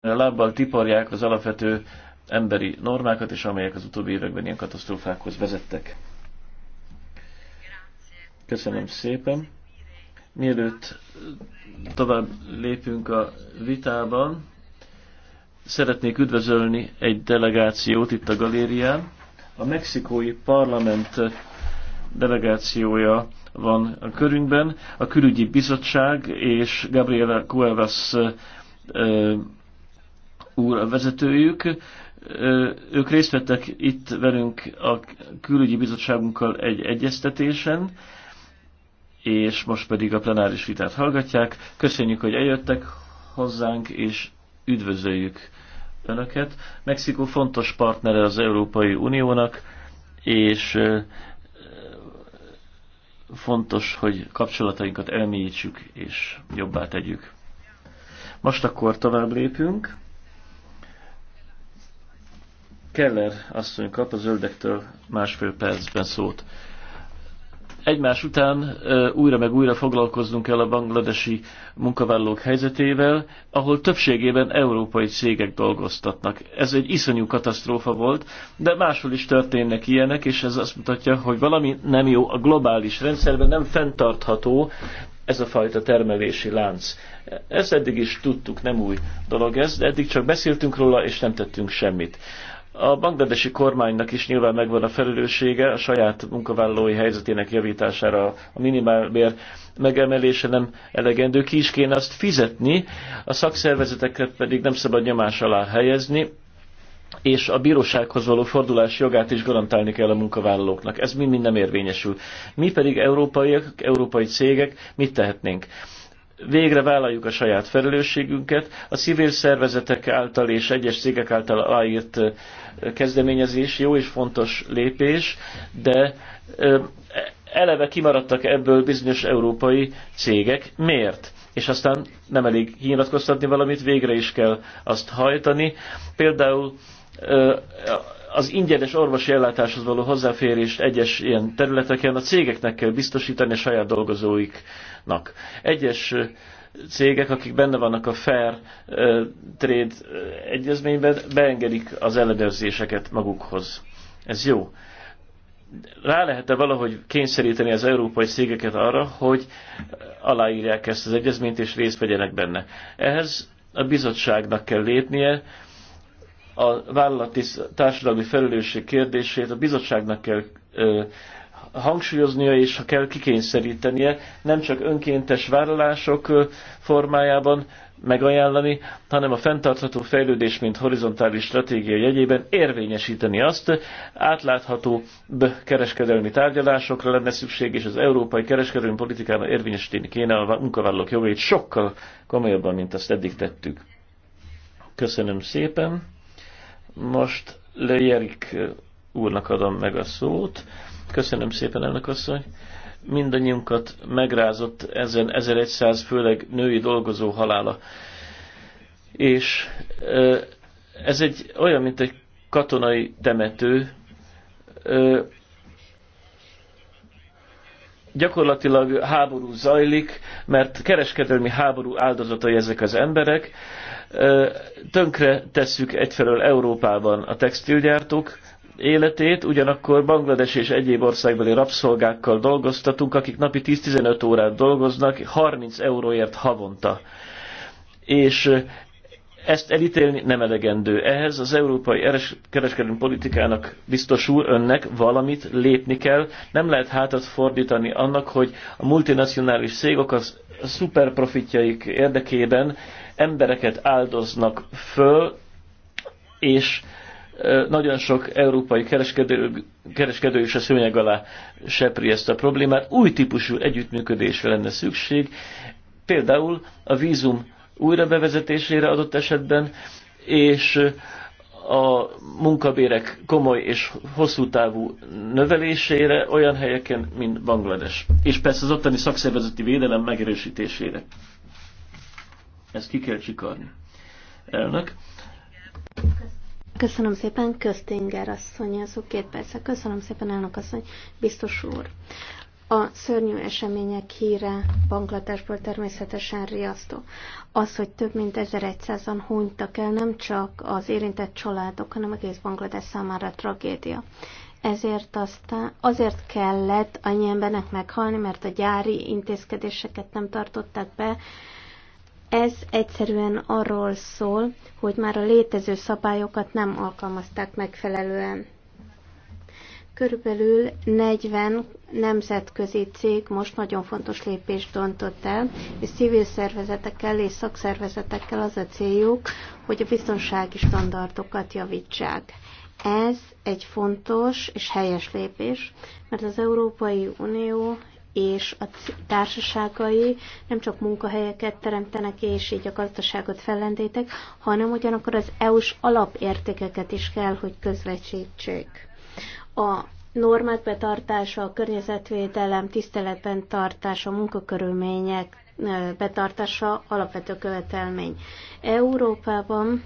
lábbal tiparják az alapvető emberi normákat, és amelyek az utóbbi években ilyen katasztrófákhoz vezettek. Köszönöm szépen. Mielőtt tovább lépünk a vitában, szeretnék üdvözölni egy delegációt itt a galérián. A mexikói parlament delegációja van a körünkben. A külügyi bizottság és Gabriela Cuevas úr a vezetőjük. Ők részt vettek itt velünk a külügyi bizottságunkkal egy egyeztetésen, és most pedig a plenáris vitát hallgatják. Köszönjük, hogy eljöttek hozzánk, és üdvözöljük Önöket. Mexikó fontos partnere az Európai Uniónak, és fontos, hogy kapcsolatainkat elmélyítsük és jobbá tegyük. Most akkor tovább lépünk. Keller asszony kap a zöldektől másfél percben szót. Egymás után újra meg újra foglalkoznunk kell a bangladesi munkavállalók helyzetével, ahol többségében európai cégek dolgoztatnak. Ez egy iszonyú katasztrófa volt, de máshol is történnek ilyenek, és ez azt mutatja, hogy valami nem jó a globális rendszerben, nem fenntartható ez a fajta termelési lánc. Ezt eddig is tudtuk, nem új dolog ez, de eddig csak beszéltünk róla, és nem tettünk semmit. A bangladesi kormánynak is nyilván megvan a felelőssége a saját munkavállalói helyzetének javítására. A minimálbér megemelése nem elegendő, ki is kéne azt fizetni, a szakszervezeteket pedig nem szabad nyomás alá helyezni, és a bírósághoz való fordulás jogát is garantálni kell a munkavállalóknak. Ez mind-mind nem érvényesül. Mi pedig európaiak, európai cégek mit tehetnénk? végre vállaljuk a saját felelősségünket. A civil szervezetek által és egyes cégek által aláírt kezdeményezés jó és fontos lépés, de eleve kimaradtak ebből bizonyos európai cégek. Miért? És aztán nem elég nyilatkoztatni valamit, végre is kell azt hajtani. Például az ingyenes orvosi ellátáshoz való hozzáférést egyes ilyen területeken a cégeknek kell biztosítani a saját dolgozóiknak. Egyes cégek, akik benne vannak a Fair Trade egyezményben, beengedik az ellenőrzéseket magukhoz. Ez jó. Rá lehet-e valahogy kényszeríteni az európai cégeket arra, hogy aláírják ezt az egyezményt és részt vegyenek benne? Ehhez a bizottságnak kell lépnie, a vállalati társadalmi felelősség kérdését a bizottságnak kell ö, hangsúlyoznia, és ha kell kikényszerítenie, nem csak önkéntes vállalások formájában megajánlani, hanem a fenntartható fejlődés, mint horizontális stratégia jegyében érvényesíteni azt. Átlátható kereskedelmi tárgyalásokra lenne szükség, és az európai kereskedelmi politikában érvényesíteni kéne a munkavállalók jogait sokkal komolyabban, mint azt eddig tettük. Köszönöm szépen! Most Lejerik úrnak adom meg a szót. Köszönöm szépen, elnök asszony. Mindannyiunkat megrázott ezen 1100, főleg női dolgozó halála. És ez egy olyan, mint egy katonai temető. Gyakorlatilag háború zajlik, mert kereskedelmi háború áldozatai ezek az emberek Tönkre tesszük egyfelől Európában a textilgyártók életét, ugyanakkor Banglades és egyéb országbeli rabszolgákkal dolgoztatunk, akik napi 10-15 órát dolgoznak, 30 euróért havonta. És ezt elítélni nem elegendő. Ehhez az európai kereskedelmi politikának biztos úr önnek valamit lépni kell. Nem lehet hátat fordítani annak, hogy a multinacionális cégek az szuperprofitjaik érdekében embereket áldoznak föl, és nagyon sok európai kereskedő, kereskedő is a szőnyeg alá sepri ezt a problémát. Új típusú együttműködésre lenne szükség, például a vízum újra bevezetésére adott esetben, és a munkabérek komoly és hosszú távú növelésére olyan helyeken, mint Banglades. És persze az ottani szakszervezeti védelem megerősítésére. Ezt ki kell csikarni. Elnök. Köszönöm szépen, Köztinger asszony, azok két perc. Köszönöm szépen, elnök asszony, biztos úr. A szörnyű események híre Bangladesból természetesen riasztó. Az, hogy több mint 1100-an hunytak el, nem csak az érintett családok, hanem egész Banglades számára tragédia. Ezért aztán, azért kellett annyi embernek meghalni, mert a gyári intézkedéseket nem tartották be, ez egyszerűen arról szól, hogy már a létező szabályokat nem alkalmazták megfelelően. Körülbelül 40 nemzetközi cég most nagyon fontos lépést döntött el, és civil szervezetekkel és szakszervezetekkel az a céljuk, hogy a biztonsági standardokat javítsák. Ez egy fontos és helyes lépés, mert az Európai Unió és a társaságai nem csak munkahelyeket teremtenek, és így a gazdaságot fellendítek, hanem ugyanakkor az EU-s alapértékeket is kell, hogy közvetítsék a normák betartása, a környezetvédelem tiszteletben tartása, munkakörülmények betartása alapvető követelmény. Európában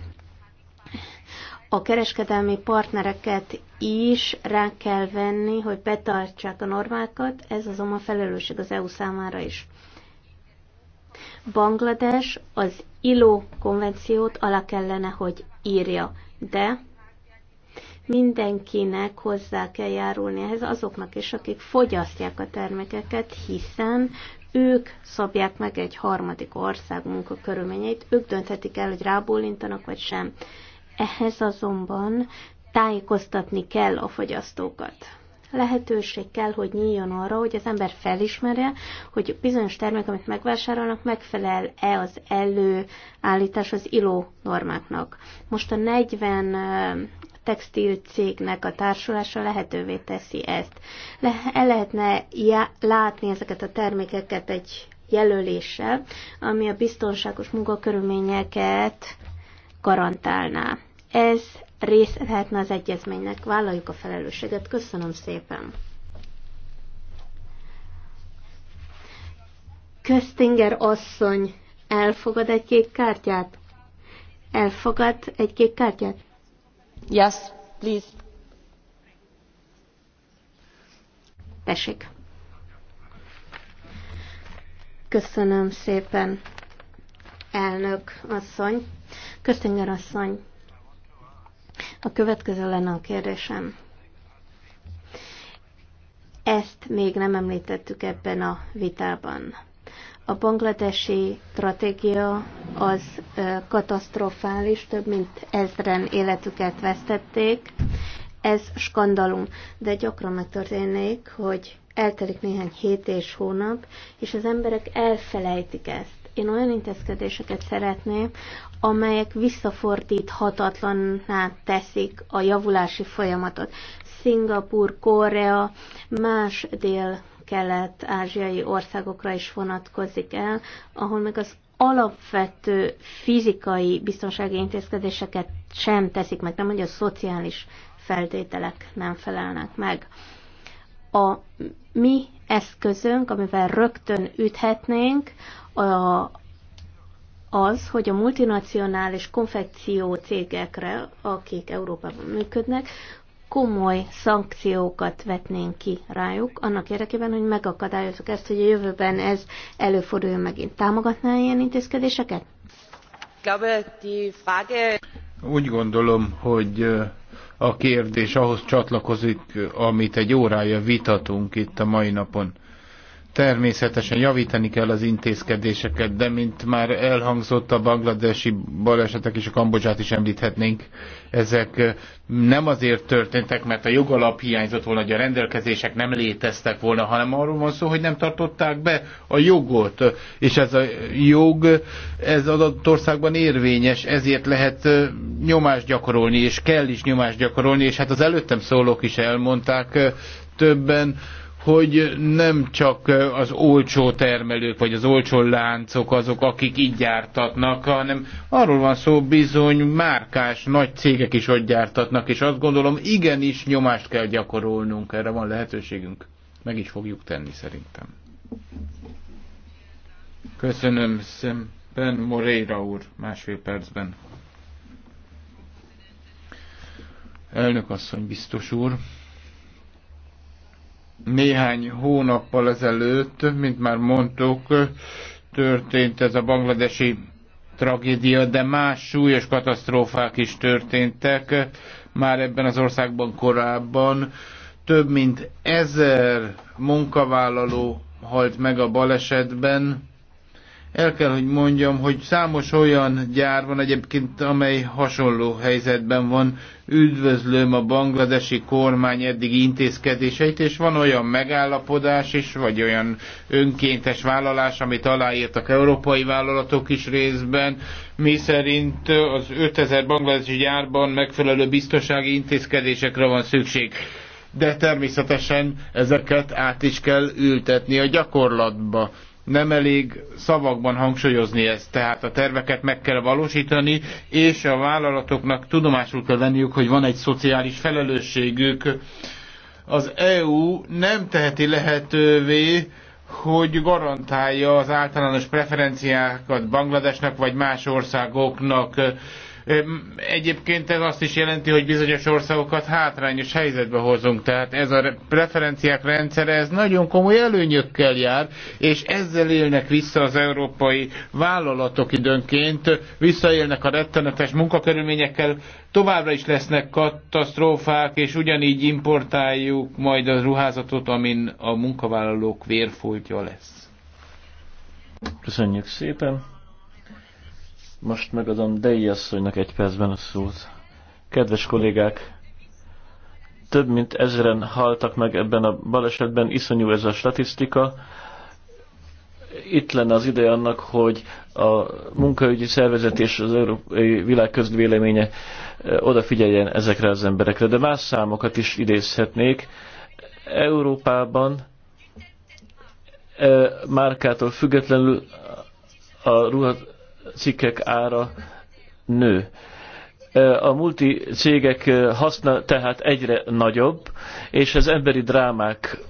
a kereskedelmi partnereket is rá kell venni, hogy betartsák a normákat, ez azonban felelősség az EU számára is. Banglades az ILO konvenciót alá kellene, hogy írja, de mindenkinek hozzá kell járulni ehhez, azoknak is, akik fogyasztják a termékeket, hiszen ők szabják meg egy harmadik ország munkakörülményeit, ők dönthetik el, hogy rábólintanak vagy sem. Ehhez azonban tájékoztatni kell a fogyasztókat. Lehetőség kell, hogy nyíljon arra, hogy az ember felismerje, hogy bizonyos termék, amit megvásárolnak, megfelel-e az előállítás az ILO normáknak. Most a 40 textil cégnek a társulása lehetővé teszi ezt. Le, el lehetne já, látni ezeket a termékeket egy jelöléssel, ami a biztonságos munkakörülményeket garantálná. Ez rész lehetne az egyezménynek. Vállaljuk a felelősséget. Köszönöm szépen! Köztinger asszony elfogad egy kék kártyát? Elfogad egy kék kártyát? Köszönöm szépen, elnök asszony. Köszönjön asszony. A következő lenne a kérdésem. Ezt még nem említettük ebben a vitában. A bangladesi stratégia az katasztrofális, több mint ezren életüket vesztették. Ez skandalum, de gyakran megtörténik, hogy eltelik néhány hét és hónap, és az emberek elfelejtik ezt. Én olyan intézkedéseket szeretném, amelyek visszafordíthatatlanná teszik a javulási folyamatot. Szingapur, Korea, más dél kelet-ázsiai országokra is vonatkozik el, ahol még az alapvető fizikai biztonsági intézkedéseket sem teszik meg, nem hogy a szociális feltételek nem felelnek meg. A mi eszközünk, amivel rögtön üthetnénk, a, az, hogy a multinacionális konfekció cégekre, akik Európában működnek, komoly szankciókat vetnénk ki rájuk, annak érdekében, hogy megakadályozok ezt, hogy a jövőben ez előforduljon megint. Támogatná -e ilyen intézkedéseket? Úgy gondolom, hogy a kérdés ahhoz csatlakozik, amit egy órája vitatunk itt a mai napon. Természetesen javítani kell az intézkedéseket, de mint már elhangzott, a bangladesi balesetek és a Kambodzsát is említhetnénk, ezek nem azért történtek, mert a jogalap hiányzott volna, hogy a rendelkezések nem léteztek volna, hanem arról van szó, hogy nem tartották be a jogot, és ez a jog ez adott országban érvényes, ezért lehet nyomást gyakorolni, és kell is nyomást gyakorolni, és hát az előttem szólók is elmondták többen, hogy nem csak az olcsó termelők vagy az olcsó láncok azok, akik így gyártatnak, hanem arról van szó bizony márkás nagy cégek is ott gyártatnak, és azt gondolom igenis nyomást kell gyakorolnunk, erre van lehetőségünk. Meg is fogjuk tenni szerintem. Köszönöm szépen, Moreira úr, másfél percben. Elnök asszony, biztos úr. Néhány hónappal ezelőtt, mint már mondtuk, történt ez a bangladesi tragédia, de más súlyos katasztrófák is történtek már ebben az országban korábban. Több mint ezer munkavállaló halt meg a balesetben, el kell, hogy mondjam, hogy számos olyan gyár van egyébként, amely hasonló helyzetben van. Üdvözlöm a bangladesi kormány eddigi intézkedéseit, és van olyan megállapodás is, vagy olyan önkéntes vállalás, amit aláírtak európai vállalatok is részben, mi szerint az 5000 bangladesi gyárban megfelelő biztonsági intézkedésekre van szükség de természetesen ezeket át is kell ültetni a gyakorlatba nem elég szavakban hangsúlyozni ezt, tehát a terveket meg kell valósítani, és a vállalatoknak tudomásul kell venniük, hogy van egy szociális felelősségük. Az EU nem teheti lehetővé, hogy garantálja az általános preferenciákat Bangladesnak vagy más országoknak. Egyébként ez azt is jelenti, hogy bizonyos országokat hátrányos helyzetbe hozunk, tehát ez a preferenciák rendszere, ez nagyon komoly előnyökkel jár, és ezzel élnek vissza az európai vállalatok időnként, visszaélnek a rettenetes munkakörülményekkel, továbbra is lesznek katasztrófák, és ugyanígy importáljuk majd a ruházatot, amin a munkavállalók vérfoltja lesz. Köszönjük szépen! Most megadom Dei asszonynak egy percben a szót. Kedves kollégák, több mint ezeren haltak meg ebben a balesetben, iszonyú ez a statisztika. Itt lenne az ideje annak, hogy a munkaügyi szervezet és az európai világ közvéleménye eh, odafigyeljen ezekre az emberekre. De más számokat is idézhetnék. Európában eh, márkától függetlenül a ruhat cikkek ára nő. A multi cégek haszna tehát egyre nagyobb, és ez emberi drámákkal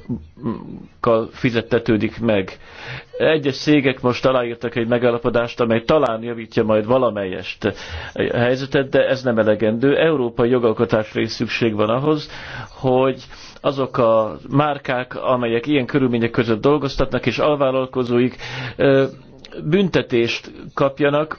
fizettetődik meg. Egyes cégek most aláírtak egy megállapodást, amely talán javítja majd valamelyest a helyzetet, de ez nem elegendő. Európai jogalkotásra is szükség van ahhoz, hogy azok a márkák, amelyek ilyen körülmények között dolgoztatnak, és alvállalkozóik büntetést kapjanak,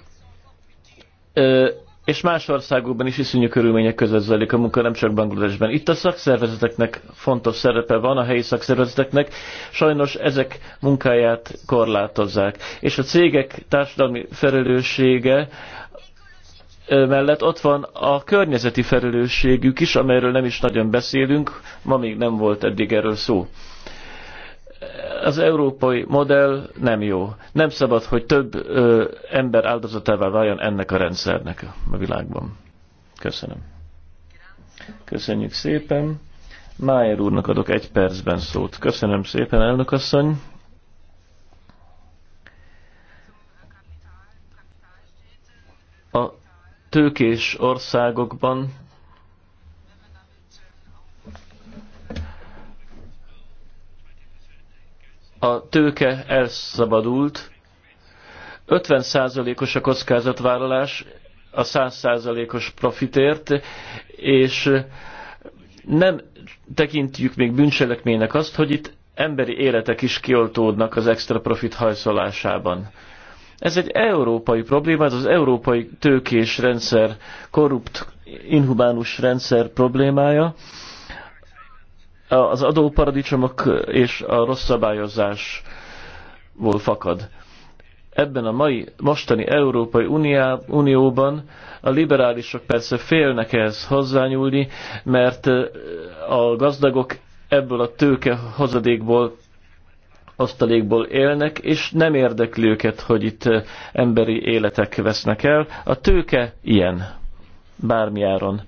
és más országokban is iszonyú körülmények között zajlik a munka, nem csak Bangladesben. Itt a szakszervezeteknek fontos szerepe van, a helyi szakszervezeteknek, sajnos ezek munkáját korlátozzák. És a cégek társadalmi felelőssége mellett ott van a környezeti felelősségük is, amelyről nem is nagyon beszélünk, ma még nem volt eddig erről szó az európai modell nem jó. Nem szabad, hogy több ö, ember áldozatává váljon ennek a rendszernek a világban. Köszönöm. Köszönjük szépen. Májer úrnak adok egy percben szót. Köszönöm szépen, elnök asszony. A tőkés országokban a tőke elszabadult, 50%-os a kockázatvállalás a 100%-os profitért, és nem tekintjük még bűncselekménynek azt, hogy itt emberi életek is kioltódnak az extra profit hajszolásában. Ez egy európai probléma, ez az európai tőkés rendszer, korrupt, inhumánus rendszer problémája, az adóparadicsomok és a rossz szabályozásból fakad. Ebben a mai, mostani Európai Uniá, Unióban a liberálisok persze félnek ehhez hozzányúlni, mert a gazdagok ebből a tőke hozadékból osztalékból élnek, és nem érdekli őket, hogy itt emberi életek vesznek el. A tőke ilyen, bármi áron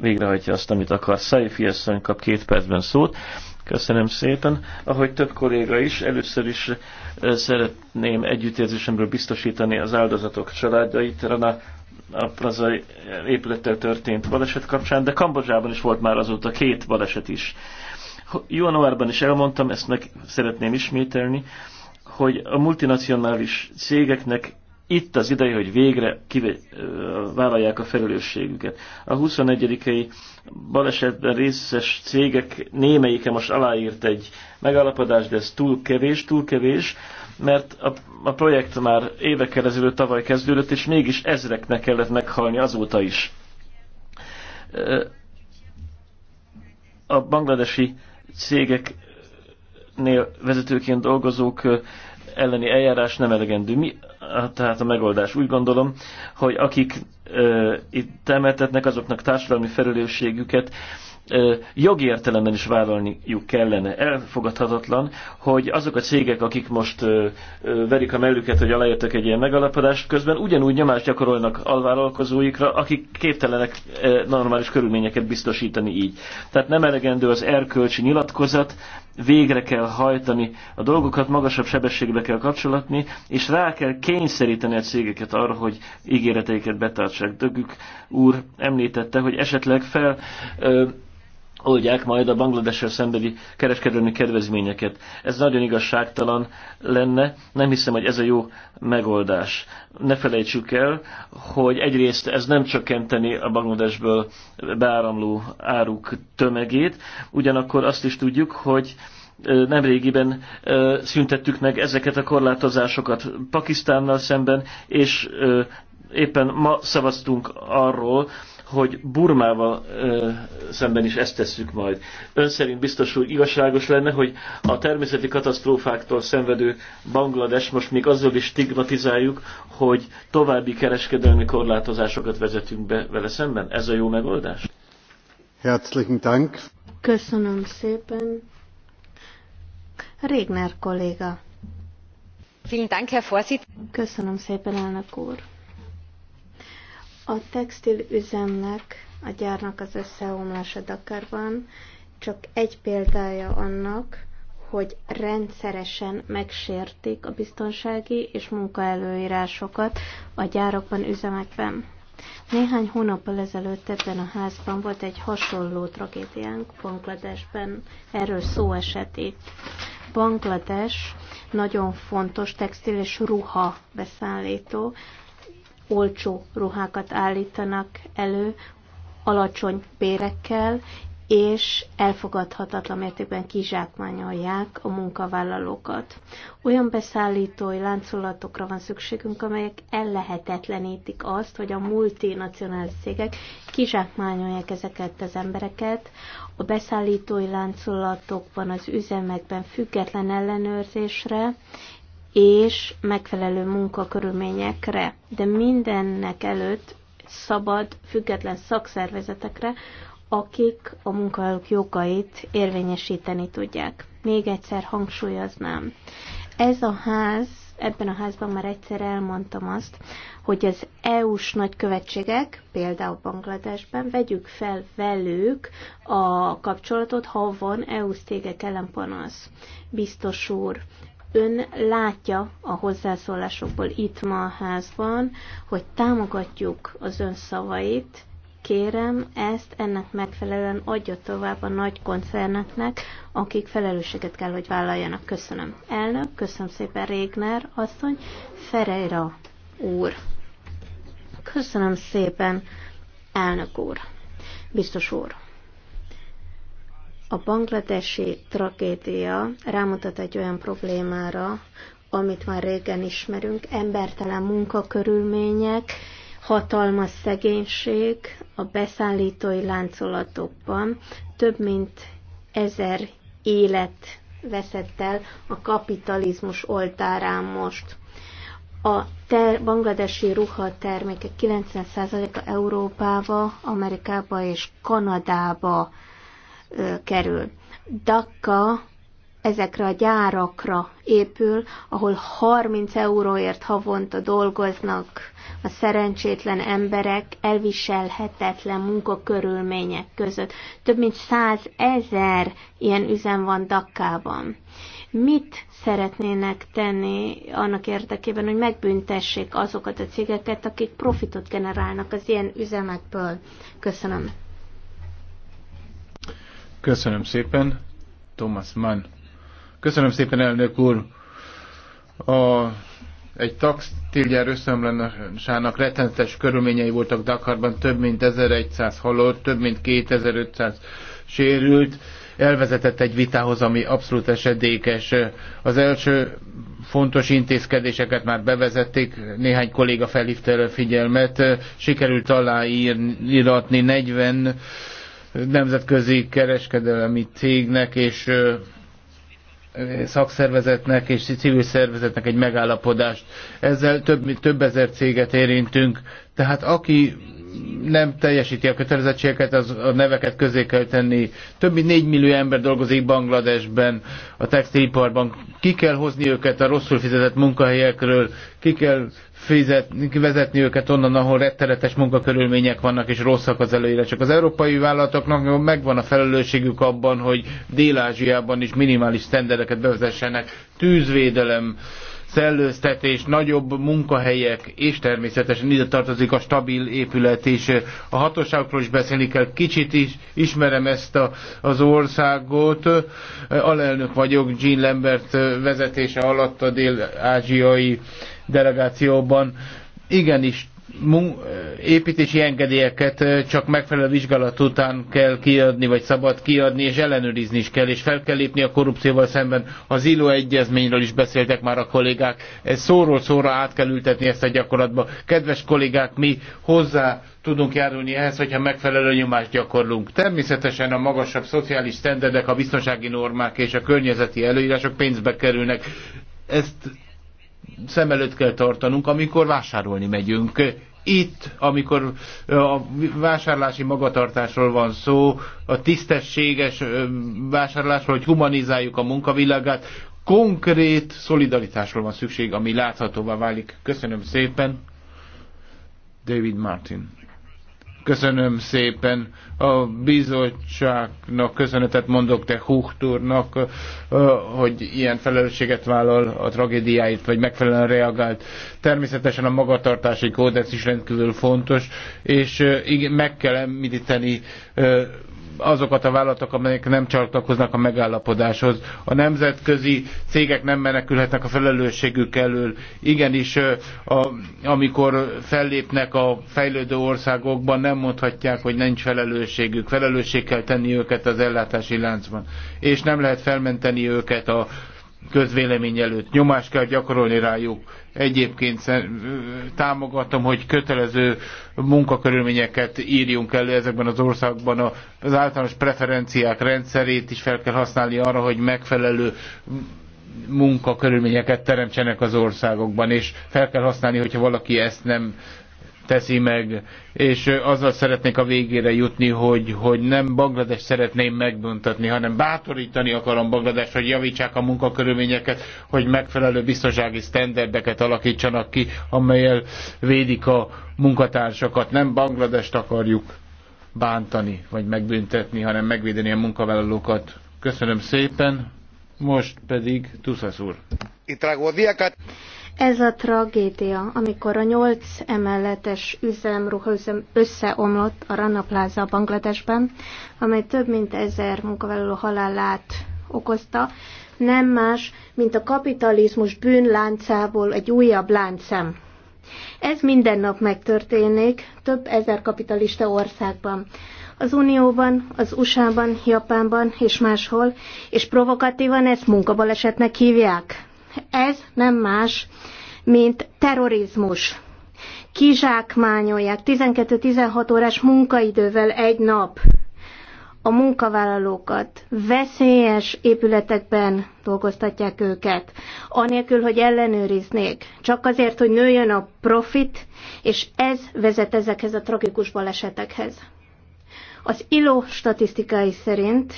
végrehajtja azt, amit akar. Szaifi asszony kap két percben szót. Köszönöm szépen. Ahogy több kolléga is, először is eh, szeretném együttérzésemről biztosítani az áldozatok családjait Rana a prazai épülettel történt baleset kapcsán, de Kambodzsában is volt már azóta két baleset is. Januárban is elmondtam, ezt meg szeretném ismételni, hogy a multinacionális cégeknek itt az ideje, hogy végre kive, vállalják a felelősségüket. A 21. balesetben részes cégek némelyike most aláírt egy megállapodást, de ez túl kevés, túl kevés, mert a, a projekt már évekkel ezelőtt tavaly kezdődött, és mégis ezreknek kellett meghalni azóta is. A bangladesi cégeknél vezetőként dolgozók elleni eljárás nem elegendő. Mi tehát a megoldás. Úgy gondolom, hogy akik ö, itt temetetnek, azoknak társadalmi felelősségüket jogi értelemben is vállalniuk kellene. Elfogadhatatlan, hogy azok a cégek, akik most verik a mellüket, hogy aláértek egy ilyen megalapodást, közben ugyanúgy nyomást gyakorolnak alvállalkozóikra, akik képtelenek normális körülményeket biztosítani így. Tehát nem elegendő az erkölcsi nyilatkozat, végre kell hajtani a dolgokat, magasabb sebességbe kell kapcsolatni, és rá kell kényszeríteni a cégeket arra, hogy ígéreteiket betartsák. Dögük úr említette, hogy esetleg fel ö, oldják majd a Bangladessel szembeni kereskedelmi kedvezményeket. Ez nagyon igazságtalan lenne, nem hiszem, hogy ez a jó megoldás. Ne felejtsük el, hogy egyrészt ez nem csökkenteni a Bangladesből beáramló áruk tömegét, ugyanakkor azt is tudjuk, hogy nemrégiben szüntettük meg ezeket a korlátozásokat Pakisztánnal szemben, és éppen ma szavaztunk arról, hogy Burmával ö, szemben is ezt tesszük majd. Ön szerint biztos úgy igazságos lenne, hogy a természeti katasztrófáktól szenvedő Banglades most még azzal is stigmatizáljuk, hogy további kereskedelmi korlátozásokat vezetünk be vele szemben? Ez a jó megoldás? Herzlichen Dank. Köszönöm szépen. Régner kolléga. Vielen Dank, Herr Köszönöm szépen, elnök úr. A textilüzemnek, a gyárnak az összeomlása Dakarban csak egy példája annak, hogy rendszeresen megsértik a biztonsági és munkaelőírásokat a gyárokban üzemekben. Néhány hónappal ezelőtt ebben a házban volt egy hasonló tragédiánk Bangladesben, erről szó esett itt. Banglades nagyon fontos textil és ruha beszállító, olcsó ruhákat állítanak elő, alacsony bérekkel, és elfogadhatatlan mértékben kizsákmányolják a munkavállalókat. Olyan beszállítói láncolatokra van szükségünk, amelyek ellehetetlenítik azt, hogy a multinacionális cégek kizsákmányolják ezeket az embereket. A beszállítói láncolatokban, az üzemekben független ellenőrzésre és megfelelő munkakörülményekre, de mindennek előtt szabad, független szakszervezetekre, akik a munkahelyük jogait érvényesíteni tudják. Még egyszer hangsúlyoznám. Ez a ház, ebben a házban már egyszer elmondtam azt, hogy az EU-s nagykövetségek, például Bangladesben, vegyük fel velük a kapcsolatot, ha van EU-s cégek ellen panasz. Biztos úr, ön látja a hozzászólásokból itt ma a házban, hogy támogatjuk az ön szavait, kérem, ezt ennek megfelelően adja tovább a nagy koncerneknek, akik felelősséget kell, hogy vállaljanak. Köszönöm. Elnök, köszönöm szépen Régner asszony, Ferejra úr. Köszönöm szépen, elnök úr, biztos úr. A bangladesi tragédia rámutat egy olyan problémára, amit már régen ismerünk, embertelen munkakörülmények, hatalmas szegénység a beszállítói láncolatokban, több mint ezer élet veszett el a kapitalizmus oltárán most. A ter- bangladesi ruhatermékek 90%-a Európába, Amerikába és Kanadába kerül. Dakka ezekre a gyárakra épül, ahol 30 euróért havonta dolgoznak a szerencsétlen emberek elviselhetetlen munkakörülmények között. Több mint 100 ezer ilyen üzem van Dakkában. Mit szeretnének tenni annak érdekében, hogy megbüntessék azokat a cégeket, akik profitot generálnak az ilyen üzemekből? Köszönöm. Köszönöm szépen, Thomas Mann. Köszönöm szépen, elnök úr. A, egy taxtilgyár összeomlásának rettenetes körülményei voltak Dakarban, több mint 1100 halott, több mint 2500 sérült elvezetett egy vitához, ami abszolút esedékes. Az első fontos intézkedéseket már bevezették, néhány kolléga felhívta a figyelmet, sikerült aláíratni 40 nemzetközi kereskedelmi cégnek és szakszervezetnek és civil szervezetnek egy megállapodást. Ezzel több, több ezer céget érintünk, tehát aki nem teljesíti a kötelezettségeket, az a neveket közé kell tenni. Több mint 4 millió ember dolgozik Bangladesben, a textiliparban. Ki kell hozni őket a rosszul fizetett munkahelyekről, ki kell fizetni, vezetni őket onnan, ahol rettenetes munkakörülmények vannak, és rosszak az előre. Csak az európai vállalatoknak megvan a felelősségük abban, hogy Dél-Ázsiában is minimális sztendereket bevezessenek, tűzvédelem, szellőztetés, nagyobb munkahelyek, és természetesen ide tartozik a stabil épület is. A hatóságokról is beszélni kell, kicsit is ismerem ezt a, az országot. Alelnök vagyok Jean Lambert vezetése alatt a dél-ázsiai delegációban igenis építési engedélyeket csak megfelelő vizsgálat után kell kiadni, vagy szabad kiadni, és ellenőrizni is kell, és fel kell lépni a korrupcióval szemben. Az ILO egyezményről is beszéltek már a kollégák, ez szóról szóra át kell ültetni ezt a gyakorlatba. Kedves kollégák, mi hozzá tudunk járulni ehhez, hogyha megfelelő nyomást gyakorlunk. Természetesen a magasabb szociális standardek, a biztonsági normák és a környezeti előírások pénzbe kerülnek. Ezt szem előtt kell tartanunk, amikor vásárolni megyünk. Itt, amikor a vásárlási magatartásról van szó, a tisztességes vásárlásról, hogy humanizáljuk a munkavilágát, konkrét szolidaritásról van szükség, ami láthatóvá válik. Köszönöm szépen. David Martin. Köszönöm szépen a bizottságnak, köszönetet mondok te Huchtúrnak, hogy ilyen felelősséget vállal a tragédiáit, vagy megfelelően reagált. Természetesen a magatartási kódex is rendkívül fontos, és meg kell említeni azokat a vállalatok, amelyek nem csatlakoznak a megállapodáshoz. A nemzetközi cégek nem menekülhetnek a felelősségük elől. Igenis, a, amikor fellépnek a fejlődő országokban, nem mondhatják, hogy nincs felelősségük. Felelősség kell tenni őket az ellátási láncban. És nem lehet felmenteni őket a közvélemény előtt. Nyomást kell gyakorolni rájuk. Egyébként támogatom, hogy kötelező munkakörülményeket írjunk elő ezekben az országban. Az általános preferenciák rendszerét is fel kell használni arra, hogy megfelelő munkakörülményeket teremtsenek az országokban, és fel kell használni, hogyha valaki ezt nem teszi meg, és azzal szeretnék a végére jutni, hogy, hogy nem Banglades szeretném megbüntetni, hanem bátorítani akarom Banglades, hogy javítsák a munkakörülményeket, hogy megfelelő biztonsági sztenderdeket alakítsanak ki, amelyel védik a munkatársakat. Nem Bangladest akarjuk bántani, vagy megbüntetni, hanem megvédeni a munkavállalókat. Köszönöm szépen, most pedig Tuszasz úr. Ez a tragédia, amikor a nyolc emeletes üzemruhaüzem összeomlott a Rana Plaza Bangladesben, amely több mint ezer munkavállaló halálát okozta, nem más, mint a kapitalizmus bűnláncából egy újabb láncem. Ez minden nap megtörténik több ezer kapitalista országban. Az Unióban, az USA-ban, Japánban és máshol, és provokatívan ezt munkabalesetnek hívják. Ez nem más, mint terrorizmus. Kizsákmányolják 12-16 órás munkaidővel egy nap a munkavállalókat, veszélyes épületekben dolgoztatják őket, anélkül, hogy ellenőriznék, csak azért, hogy nőjön a profit, és ez vezet ezekhez a tragikus balesetekhez. Az ILO statisztikai szerint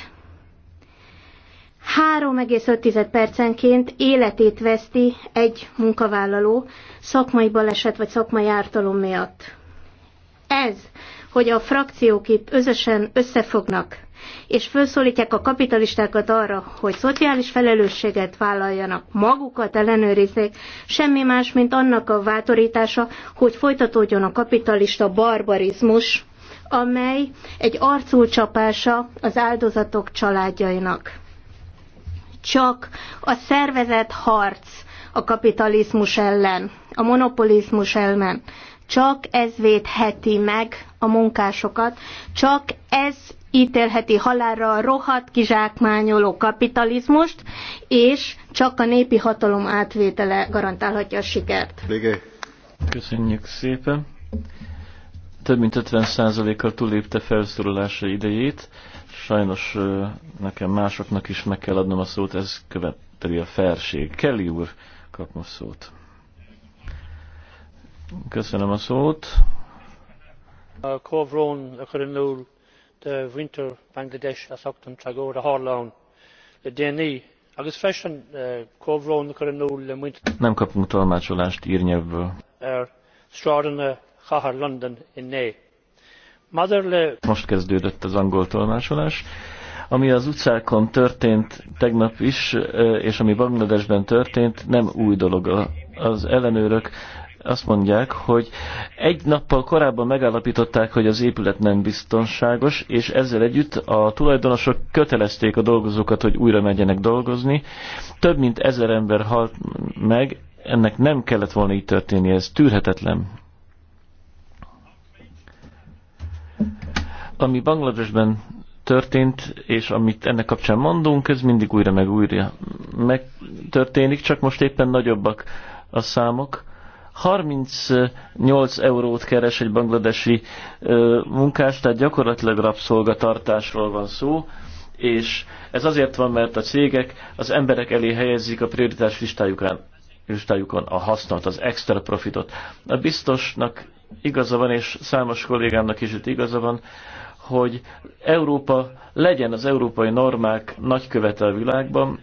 3,5 percenként életét veszti egy munkavállaló szakmai baleset vagy szakmai ártalom miatt. Ez, hogy a frakciók itt özösen összefognak, és felszólítják a kapitalistákat arra, hogy szociális felelősséget vállaljanak, magukat ellenőrizzék, semmi más, mint annak a vátorítása, hogy folytatódjon a kapitalista barbarizmus, amely egy csapása az áldozatok családjainak csak a szervezett harc a kapitalizmus ellen, a monopolizmus ellen. Csak ez védheti meg a munkásokat, csak ez ítélheti halálra a rohadt kizsákmányoló kapitalizmust, és csak a népi hatalom átvétele garantálhatja a sikert. Köszönjük szépen! Több mint 50%-kal túlépte felszólalása idejét. Sajnos nekem másoknak is meg kell adnom a szót, ez követeli a felség. Kelly úr kap most szót. Köszönöm a szót. A Kovron, a Körönlőr, de Winter, Bangladesh, a Szokton, Tragó, a Harlaun, a DNI, e. agus freisin cóhrón go Nem kapunk tolmácsolást írnyelvből. Er Stradan a London in most kezdődött az angol tolmácsolás. Ami az utcákon történt tegnap is, és ami Bangladesben történt, nem új dolog. Az ellenőrök azt mondják, hogy egy nappal korábban megállapították, hogy az épület nem biztonságos, és ezzel együtt a tulajdonosok kötelezték a dolgozókat, hogy újra megyenek dolgozni. Több mint ezer ember halt meg, ennek nem kellett volna így történni, ez tűrhetetlen. Ami Bangladesben történt, és amit ennek kapcsán mondunk, ez mindig újra meg újra megtörténik, csak most éppen nagyobbak a számok. 38 eurót keres egy bangladesi munkás, tehát gyakorlatilag rabszolgatartásról van szó, és ez azért van, mert a cégek az emberek elé helyezik a prioritás listájukán listájukon a hasznot, az extra profitot. A biztosnak igaza van, és számos kollégámnak is itt igaza van, hogy Európa legyen az európai normák nagykövete a világban,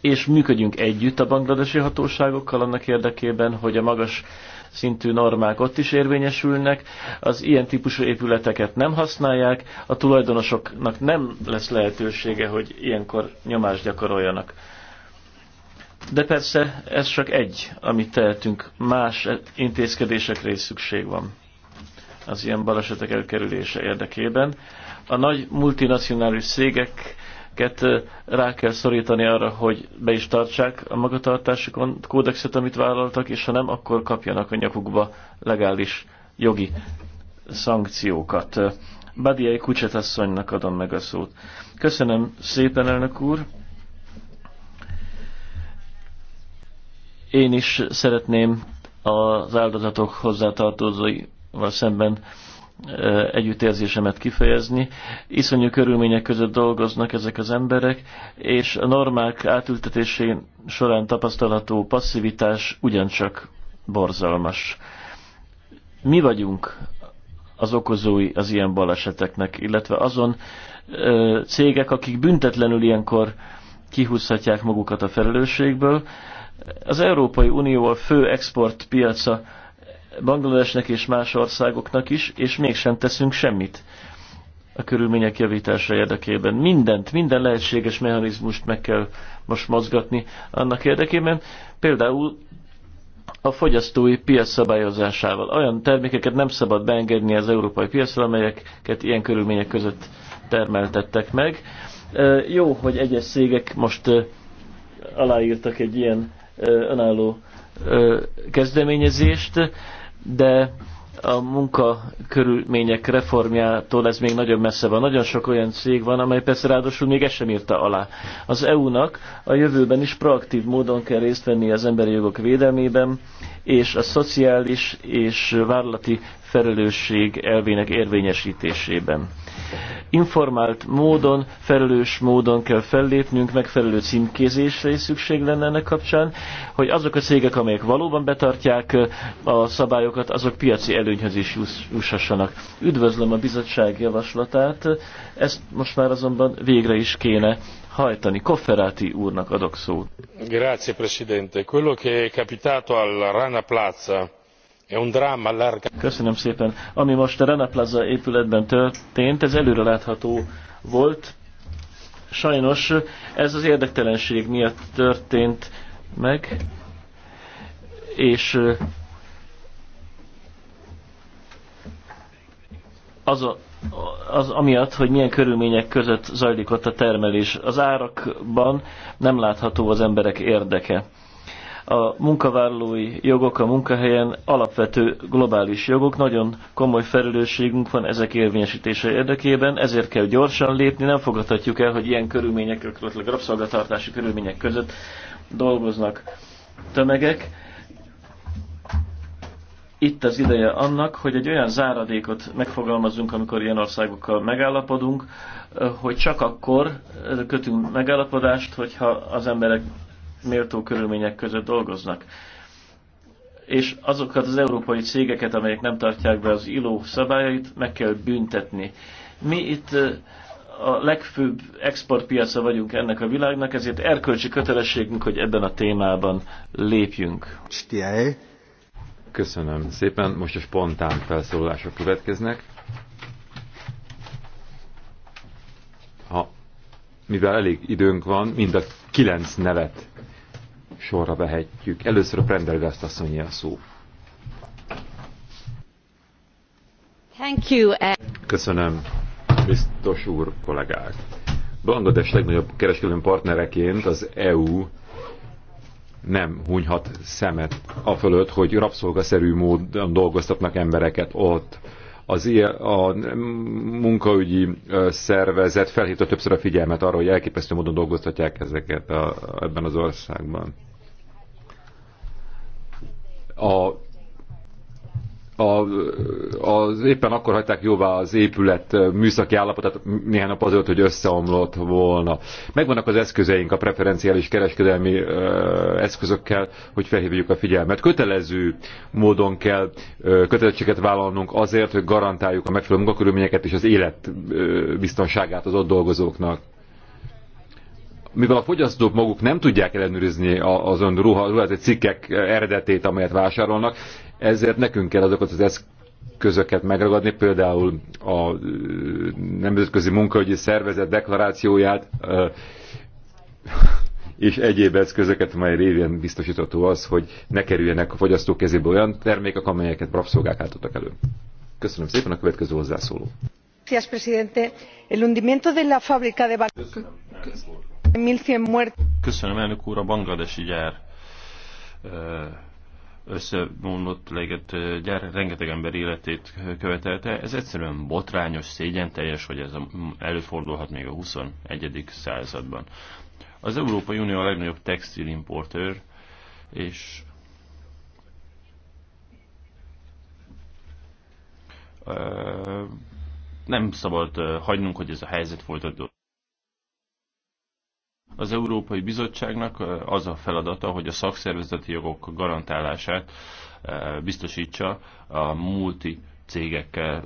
és működjünk együtt a bangladesi hatóságokkal annak érdekében, hogy a magas szintű normák ott is érvényesülnek, az ilyen típusú épületeket nem használják, a tulajdonosoknak nem lesz lehetősége, hogy ilyenkor nyomást gyakoroljanak. De persze ez csak egy, amit tehetünk. Más intézkedésekre is szükség van az ilyen balesetek elkerülése érdekében. A nagy multinacionális cégeket rá kell szorítani arra, hogy be is tartsák a magatartási kódexet, amit vállaltak, és ha nem, akkor kapjanak a nyakukba legális jogi szankciókat. Badiai Kucsetasszonynak adom meg a szót. Köszönöm szépen, elnök úr! Én is szeretném az áldozatok hozzátartozóival szemben együttérzésemet kifejezni. Iszonyú körülmények között dolgoznak ezek az emberek, és a normák átültetésén során tapasztalható passzivitás ugyancsak borzalmas. Mi vagyunk az okozói az ilyen baleseteknek, illetve azon ö, cégek, akik büntetlenül ilyenkor kihúzhatják magukat a felelősségből, az Európai Unió a fő exportpiaca Bangladesnek és más országoknak is, és mégsem teszünk semmit a körülmények javítása érdekében. Mindent, minden lehetséges mechanizmust meg kell most mozgatni annak érdekében. Például a fogyasztói piac szabályozásával. Olyan termékeket nem szabad beengedni az európai piacra, amelyeket ilyen körülmények között termeltettek meg. Jó, hogy egyes szégek most aláírtak egy ilyen önálló kezdeményezést, de a munkakörülmények reformjától ez még nagyon messze van. Nagyon sok olyan cég van, amely persze ráadásul még ezt sem írta alá. Az EU-nak a jövőben is proaktív módon kell részt venni az emberi jogok védelmében, és a szociális és vállalati felelősség elvének érvényesítésében. Informált módon, felelős módon kell fellépnünk, megfelelő címkézésre is szükség lenne ennek kapcsán, hogy azok a cégek, amelyek valóban betartják a szabályokat, azok piaci előnyhöz is jussassanak. Üdvözlöm a bizottság javaslatát, ezt most már azonban végre is kéne hajtani. Kofferáti úrnak adok szót. Grazie, Presidente. Quello che è capitato alla Rana Plaza Köszönöm szépen. Ami most a Rana Plaza épületben történt, ez előrelátható volt. Sajnos ez az érdektelenség miatt történt meg, és eh, az, a, az amiatt, hogy milyen körülmények között zajlik ott a termelés. Az árakban nem látható az emberek érdeke a munkavállalói jogok a munkahelyen alapvető globális jogok, nagyon komoly felelősségünk van ezek érvényesítése érdekében, ezért kell gyorsan lépni, nem fogadhatjuk el, hogy ilyen körülmények, illetve rabszolgatartási körülmények között dolgoznak tömegek. Itt az ideje annak, hogy egy olyan záradékot megfogalmazunk, amikor ilyen országokkal megállapodunk, hogy csak akkor kötünk megállapodást, hogyha az emberek méltó körülmények között dolgoznak. És azokat az európai cégeket, amelyek nem tartják be az ILO szabályait, meg kell büntetni. Mi itt a legfőbb exportpiaca vagyunk ennek a világnak, ezért erkölcsi kötelességünk, hogy ebben a témában lépjünk. Köszönöm szépen, most a spontán felszólalások következnek. Ha, mivel elég időnk van, mind a kilenc nevet sorra vehetjük. Először a Prendergast a szó. Thank you. Eh. Köszönöm, biztos úr, kollégák. Bangladesh legnagyobb kereskedelmi partnereként az EU nem hunyhat szemet a fölött, hogy rabszolgaszerű módon dolgoztatnak embereket ott az ilyen, a munkaügyi szervezet felhívta többször a figyelmet arra, hogy elképesztő módon dolgoztatják ezeket a, ebben az országban. A a, az éppen akkor hagyták jóvá az épület műszaki állapotát, néhány nap azelőtt, hogy összeomlott volna. Megvannak az eszközeink a preferenciális kereskedelmi ö, eszközökkel, hogy felhívjuk a figyelmet. Kötelező módon kell ö, kötelezettséget vállalnunk azért, hogy garantáljuk a megfelelő munkakörülményeket és az élet biztonságát az ott dolgozóknak mivel a fogyasztók maguk nem tudják ellenőrizni az ön ruha, cikkek eredetét, amelyet vásárolnak, ezért nekünk kell azokat az eszközöket megragadni, például a Nemzetközi Munkaügyi Szervezet deklarációját, és egyéb eszközöket, amely révén biztosítható az, hogy ne kerüljenek a fogyasztók kezébe olyan termékek, amelyeket rabszolgák álltottak elő. Köszönöm szépen a következő hozzászóló. Gracias, presidente. El hundimiento de la fábrica de Köszönöm, elnök úr, a bangladesi gyár összebomlott leget gyár rengeteg ember életét követelte. Ez egyszerűen botrányos, szégyen teljes, hogy ez előfordulhat még a 21. században. Az Európai Unió a legnagyobb textilimportőr, és nem szabad hagynunk, hogy ez a helyzet folytatódjon. Az Európai Bizottságnak az a feladata, hogy a szakszervezeti jogok garantálását biztosítsa a multi cégekkel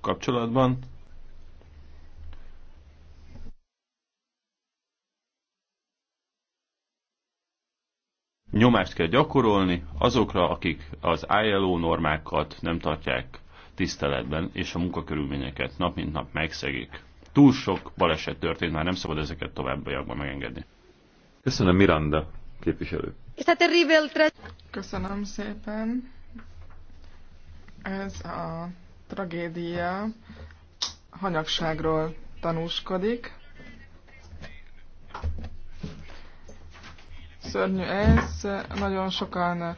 kapcsolatban. Nyomást kell gyakorolni azokra, akik az ILO normákat nem tartják tiszteletben, és a munkakörülményeket nap mint nap megszegik túl sok baleset történt, már nem szabad ezeket továbbiakban megengedni. Köszönöm, Miranda képviselő. Köszönöm szépen. Ez a tragédia hanyagságról tanúskodik. Szörnyű ez, nagyon sokan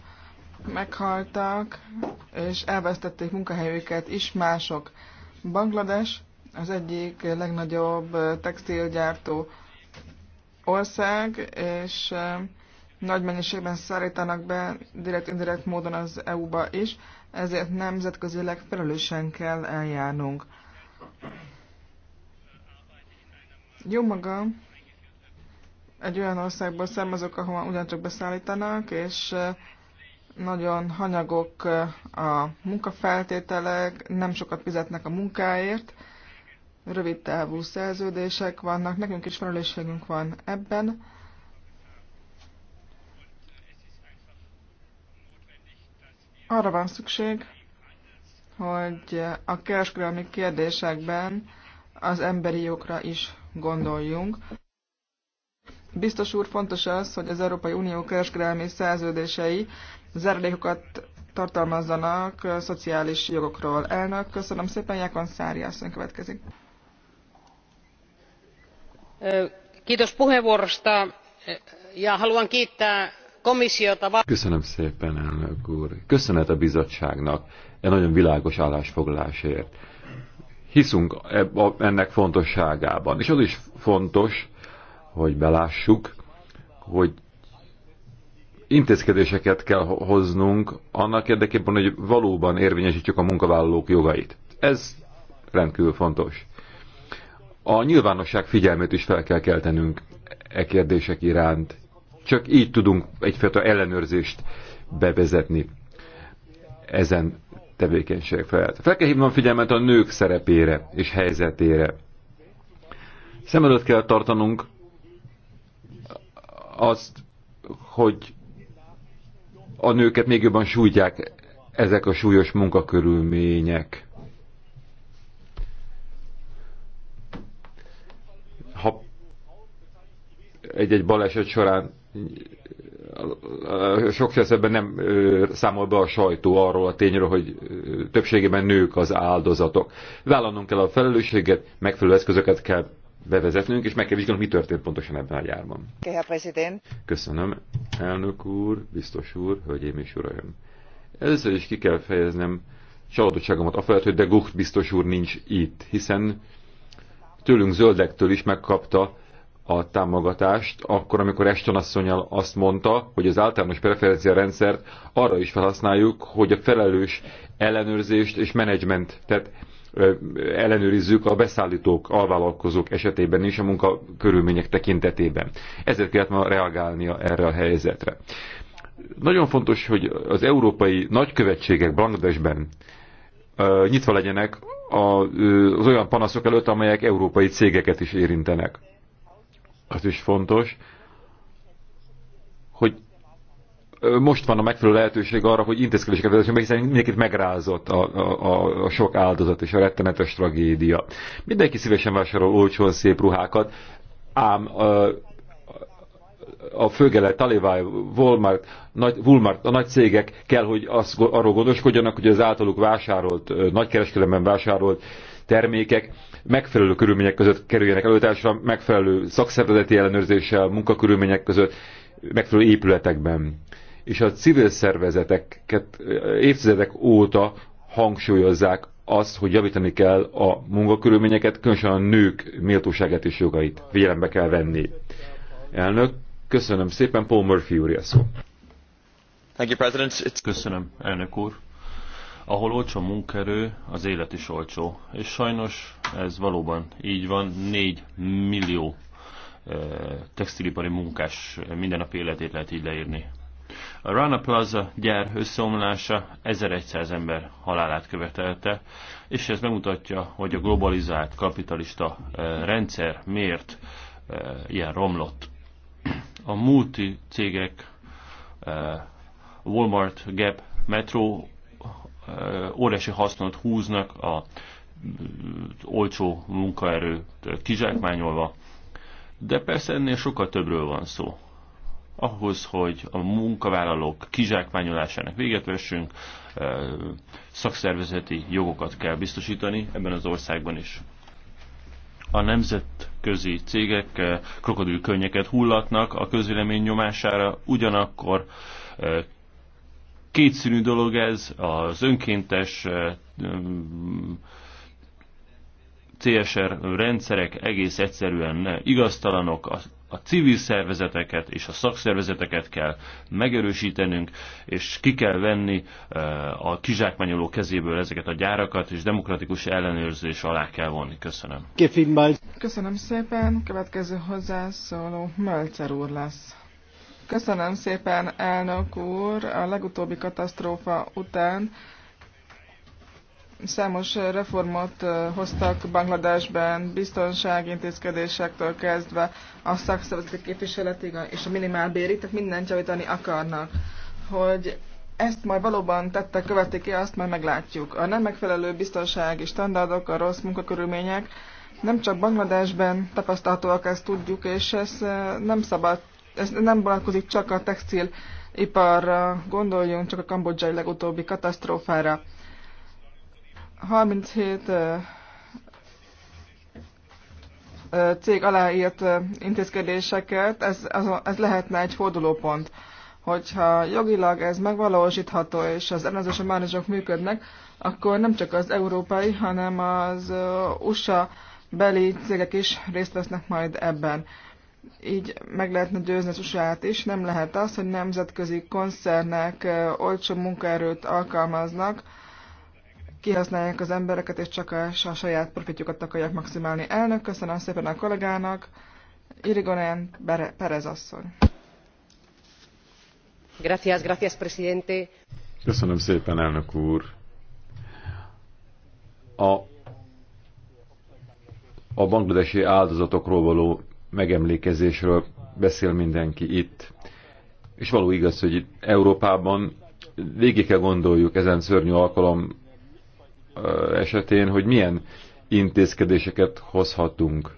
meghaltak, és elvesztették munkahelyüket is mások. Banglades az egyik legnagyobb textilgyártó ország, és nagy mennyiségben szállítanak be direkt-indirekt módon az EU-ba is, ezért nemzetközileg felelősen kell eljárnunk. Jó maga, egy olyan országból származok, ahol ugyancsak beszállítanak, és nagyon hanyagok a munkafeltételek, nem sokat fizetnek a munkáért, rövid távú szerződések vannak, nekünk is felelősségünk van ebben. Arra van szükség, hogy a kereskedelmi kérdésekben az emberi jogra is gondoljunk. Biztos úr, fontos az, hogy az Európai Unió kereskedelmi szerződései zárulékokat tartalmazzanak szociális jogokról. Elnök, köszönöm szépen, Jákon Szári, következik kiitos puheenvuorosta ja haluan kiittää komissiota. Köszönöm szépen, elnök úr. Köszönet a bizottságnak e nagyon világos állásfoglalásért. Hiszünk e, ennek fontosságában. És az is fontos, hogy belássuk, hogy intézkedéseket kell hoznunk annak érdekében, hogy valóban érvényesítsük a munkavállalók jogait. Ez rendkívül fontos a nyilvánosság figyelmét is fel kell keltenünk e kérdések iránt. Csak így tudunk egyfajta ellenőrzést bevezetni ezen tevékenység felett. Fel kell hívnom figyelmet a nők szerepére és helyzetére. Szem előtt kell tartanunk azt, hogy a nőket még jobban sújtják ezek a súlyos munkakörülmények. egy-egy baleset során sok esetben nem számol be a sajtó arról a tényről, hogy többségében nők az áldozatok. Vállalnunk kell a felelősséget, megfelelő eszközöket kell bevezetnünk, és meg kell vizsgálnunk, mi történt pontosan ebben a gyárban. Köszönöm, elnök úr, biztos úr, hölgyeim és uraim. Először is ki kell fejeznem csalódottságomat felett, hogy de Gucht biztos úr nincs itt, hiszen tőlünk zöldektől is megkapta a támogatást, akkor, amikor Eston asszonyal azt mondta, hogy az általános preferencia rendszert arra is felhasználjuk, hogy a felelős ellenőrzést és menedzsmentet ellenőrizzük a beszállítók, alvállalkozók esetében is a munkakörülmények tekintetében. Ezért kellett ma reagálnia erre a helyzetre. Nagyon fontos, hogy az európai nagykövetségek Bangladesben nyitva legyenek az olyan panaszok előtt, amelyek európai cégeket is érintenek az is fontos, hogy most van a megfelelő lehetőség arra, hogy intézkedéseket vezessünk, hiszen mindenkit megrázott a, a, a sok áldozat és a rettenetes tragédia. Mindenki szívesen vásárol olcsón szép ruhákat, ám a, a főgele, Talibá, Walmart, nagy, Walmart, a nagy cégek kell, hogy azt, arról gondoskodjanak, hogy az általuk vásárolt, nagykereskedelemben vásárolt termékek megfelelő körülmények között kerüljenek előtásra, megfelelő szakszervezeti ellenőrzéssel, munkakörülmények között, megfelelő épületekben. És a civil szervezeteket eh, évtizedek óta hangsúlyozzák azt, hogy javítani kell a munkakörülményeket, különösen a nők méltóságát és jogait figyelembe kell venni. Elnök, köszönöm szépen, Paul Murphy úr, szó. Köszönöm, elnök úr. Ahol olcsó munkerő, az élet is olcsó. És sajnos ez valóban így van, 4 millió eh, textilipari munkás minden nap életét lehet így leírni. A Rana Plaza gyár összeomlása 1100 ember halálát követelte, és ez megmutatja, hogy a globalizált kapitalista eh, rendszer miért eh, ilyen romlott. A multi cégek Walmart, Gap, Metro óriási hasznot húznak a olcsó munkaerőt kizsákmányolva, de persze ennél sokkal többről van szó. Ahhoz, hogy a munkavállalók kizsákmányolásának véget vessünk, eh, szakszervezeti jogokat kell biztosítani ebben az országban is. A nemzetközi cégek eh, krokodilkönnyeket hullatnak a közvélemény nyomására, ugyanakkor eh, kétszínű dolog ez, az önkéntes CSR rendszerek egész egyszerűen igaztalanok, a, a civil szervezeteket és a szakszervezeteket kell megerősítenünk, és ki kell venni eh, a kizsákmányoló kezéből ezeket a gyárakat, és demokratikus ellenőrzés alá kell vonni. Köszönöm. Köszönöm szépen. Következő hozzászóló Mölcer úr lesz. Köszönöm szépen, elnök úr. A legutóbbi katasztrófa után számos reformot hoztak Bangladesben, biztonságintézkedésektől kezdve a szakszervezeti képviseletig és a minimálbérig, tehát mindent javítani akarnak. Hogy ezt majd valóban tettek, követik ki, azt majd meglátjuk. A nem megfelelő biztonsági standardok, a rossz munkakörülmények nem csak Bangladesben tapasztalhatóak, ezt tudjuk, és ez nem szabad, ez nem vonatkozik csak a textil iparra, gondoljunk csak a kambodzsai legutóbbi katasztrófára. 37 cég aláírt intézkedéseket, ez, ez lehetne egy fordulópont. Hogyha jogilag ez megvalósítható, és az ellenzős a működnek, akkor nem csak az európai, hanem az USA beli cégek is részt vesznek majd ebben. Így meg lehetne győzni az usa is. Nem lehet az, hogy nemzetközi koncernek olcsó munkaerőt alkalmaznak, kihasználják az embereket, és csak a, a saját profitjukat akarják maximálni. Elnök, köszönöm szépen a kollégának, Irigonen Perez asszony. Gracias, gracias, presidente. Köszönöm szépen, elnök úr. A, a bangladesi áldozatokról való megemlékezésről beszél mindenki itt. És való igaz, hogy itt Európában végig kell gondoljuk ezen szörnyű alkalom esetén, hogy milyen intézkedéseket hozhatunk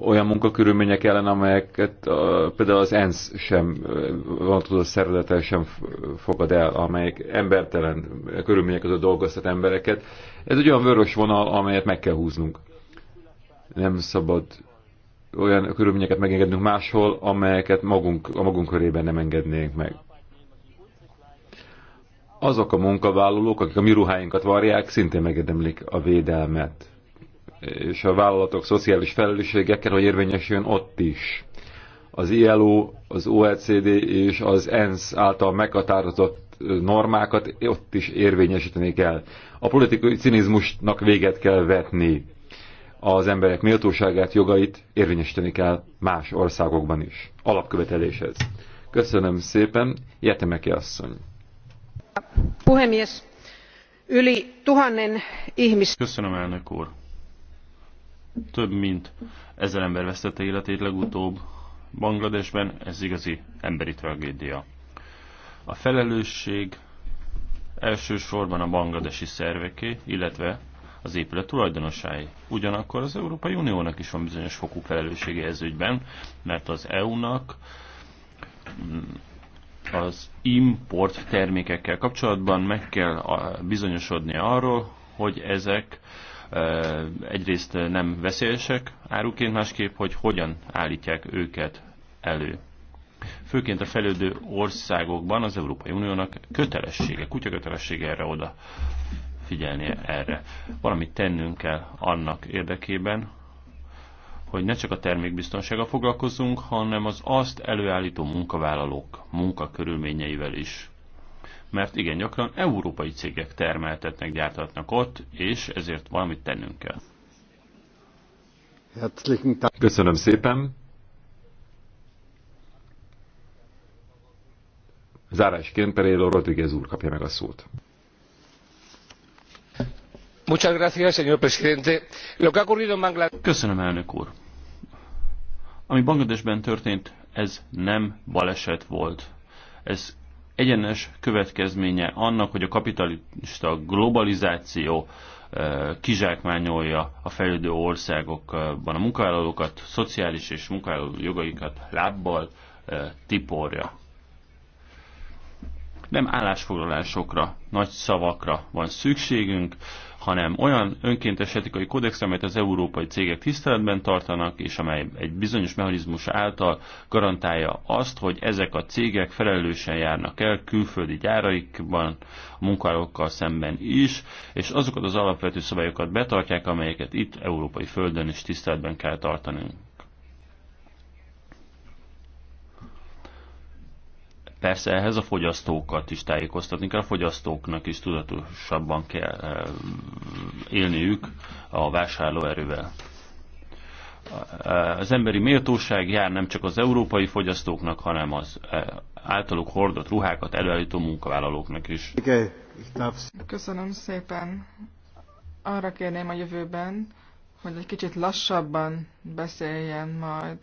olyan munkakörülmények ellen, amelyeket a, például az ENSZ sem, van, tudó szervezete sem fogad el, amelyek embertelen körülmények között dolgoztat embereket. Ez egy olyan vörös vonal, amelyet meg kell húznunk. Nem szabad olyan körülményeket megengednünk máshol, amelyeket magunk, a magunk körében nem engednénk meg azok a munkavállalók, akik a mi ruháinkat varják, szintén megedemlik a védelmet. És a vállalatok szociális felelőssége kell, hogy érvényesüljön ott is. Az ILO, az OECD és az ENSZ által meghatározott normákat ott is érvényesíteni kell. A politikai cinizmusnak véget kell vetni. Az emberek méltóságát, jogait érvényesíteni kell más országokban is. Alapkövetelés ez. Köszönöm szépen, Jetemeki asszony puhemies yli tuhannen ihmisen Több mint ezer ember vesztette életét legutóbb Bangladesben, ez igazi emberi tragédia. A felelősség elsősorban a bangladesi szerveké, illetve az épület tulajdonosái. Ugyanakkor az Európai Uniónak is van bizonyos fokú felelőssége ez ügyben, mert az EU-nak az import termékekkel kapcsolatban meg kell bizonyosodni arról, hogy ezek e, egyrészt nem veszélyesek áruként, másképp, hogy hogyan állítják őket elő. Főként a fejlődő országokban az Európai Uniónak kötelessége, kutya kötelessége erre oda figyelnie erre. Valamit tennünk kell annak érdekében, hogy ne csak a termékbiztonsággal foglalkozunk, hanem az azt előállító munkavállalók munkakörülményeivel is. Mert igen, gyakran európai cégek termeltetnek, gyártatnak ott, és ezért valamit tennünk kell. Köszönöm szépen! Zárásként Pereiro Rodriguez úr kapja meg a szót. Köszönöm, elnök úr. Ami Bangladesben történt, ez nem baleset volt. Ez egyenes következménye annak, hogy a kapitalista globalizáció eh, kizsákmányolja a fejlődő országokban a munkavállalókat, szociális és munkavállaló jogaikat lábbal eh, tiporja. Nem állásfoglalásokra, nagy szavakra van szükségünk, hanem olyan önkéntes etikai kódex, amelyet az európai cégek tiszteletben tartanak, és amely egy bizonyos mechanizmus által garantálja azt, hogy ezek a cégek felelősen járnak el külföldi gyáraikban, a munkálókkal szemben is, és azokat az alapvető szabályokat betartják, amelyeket itt európai földön is tiszteletben kell tartanunk. Persze ehhez a fogyasztókat is tájékoztatni kell, a fogyasztóknak is tudatosabban kell eh, élniük a vásárlóerővel. Eh, az emberi méltóság jár nem csak az európai fogyasztóknak, hanem az eh, általuk hordott ruhákat előállító munkavállalóknak is. Köszönöm szépen. Arra kérném a jövőben, hogy egy kicsit lassabban beszéljen majd.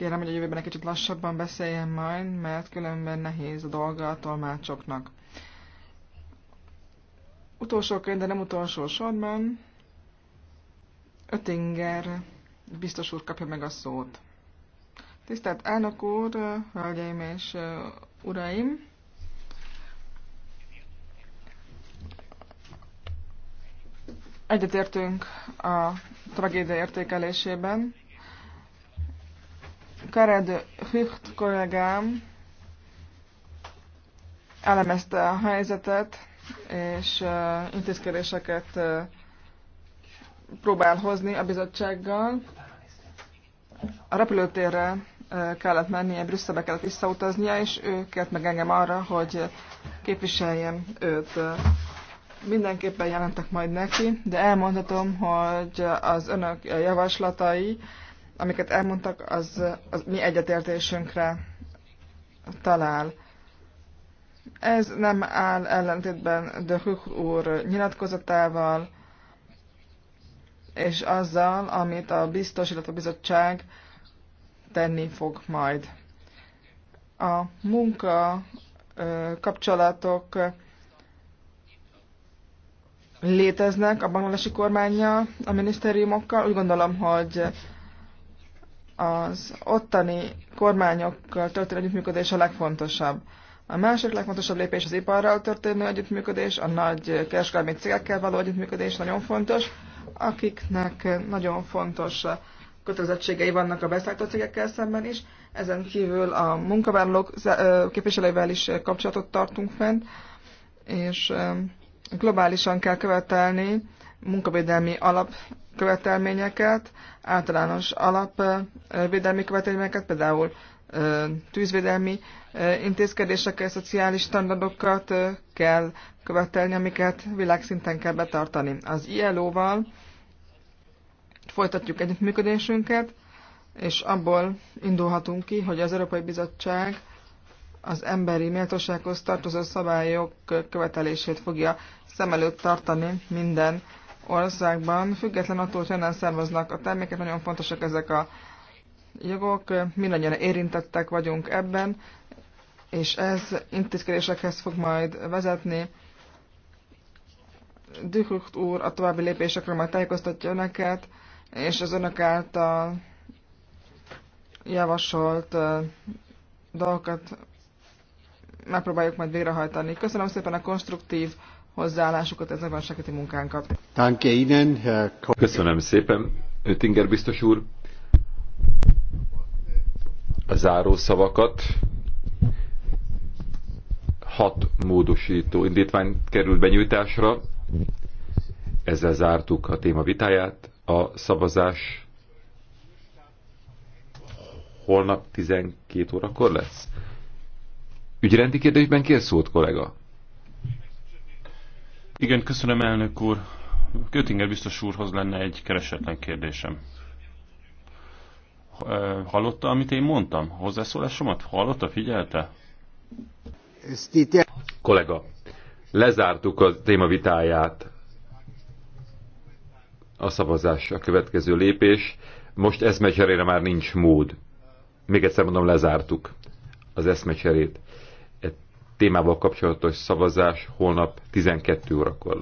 Kérem, hogy a jövőben egy kicsit lassabban beszéljen majd, mert különben nehéz a dolga a tolmácsoknak. Utolsóként, de nem utolsó sorban, Ötinger biztos úr kapja meg a szót. Tisztelt elnök úr, hölgyeim és uraim! Egyetértünk a tragédia értékelésében, Kered Hücht kollégám elemezte a helyzetet, és intézkedéseket próbál hozni a bizottsággal. A repülőtérre kellett mennie, Brüsszelbe kellett visszautaznia, és ő kért meg engem arra, hogy képviseljem őt. Mindenképpen jelentek majd neki, de elmondhatom, hogy az önök javaslatai amiket elmondtak, az, az mi egyetértésünkre talál. Ez nem áll ellentétben de Huch úr nyilatkozatával, és azzal, amit a biztos, illetve a bizottság tenni fog majd. A munka kapcsolatok léteznek a bangladesi kormányjal, a minisztériumokkal. Úgy gondolom, hogy az ottani kormányokkal történő együttműködés a legfontosabb. A másik legfontosabb lépés az iparral történő együttműködés, a nagy kereskedelmi cégekkel való együttműködés nagyon fontos, akiknek nagyon fontos kötelezettségei vannak a beszállító cégekkel szemben is. Ezen kívül a munkavállalók képviselőivel is kapcsolatot tartunk fent, és globálisan kell követelni munkavédelmi alapkövetelményeket, általános alapvédelmi követelményeket, például tűzvédelmi intézkedésekkel, szociális standardokat kell követelni, amiket világszinten kell betartani. Az ILO-val folytatjuk együttműködésünket, és abból indulhatunk ki, hogy az Európai Bizottság az emberi méltósághoz tartozó szabályok követelését fogja szem előtt tartani minden országban, független attól, hogy honnan származnak a termékek, nagyon fontosak ezek a jogok, mindannyian érintettek vagyunk ebben, és ez intézkedésekhez fog majd vezetni. Dühlucht úr a további lépésekről majd tájékoztatja önöket, és az önök által javasolt dolgokat megpróbáljuk majd végrehajtani. Köszönöm szépen a konstruktív hozzáállásukat, ez megválságíti munkánkat. Köszönöm szépen, Tinger biztos úr. A záró szavakat hat módosító indítvány került benyújtásra. Ezzel zártuk a téma vitáját. A szavazás holnap 12 órakor lesz. Ügyrendi kérdésben kér szót, kollega? Igen, köszönöm elnök úr. Kötinger biztos úrhoz lenne egy keresetlen kérdésem. Eh, hallotta, amit én mondtam? Hozzászólásomat? Hallotta, figyelte? Kollega, lezártuk a téma vitáját. A szavazás a következő lépés. Most eszmecserére már nincs mód. Még egyszer mondom, lezártuk az eszmecserét témával kapcsolatos szavazás holnap 12 órakor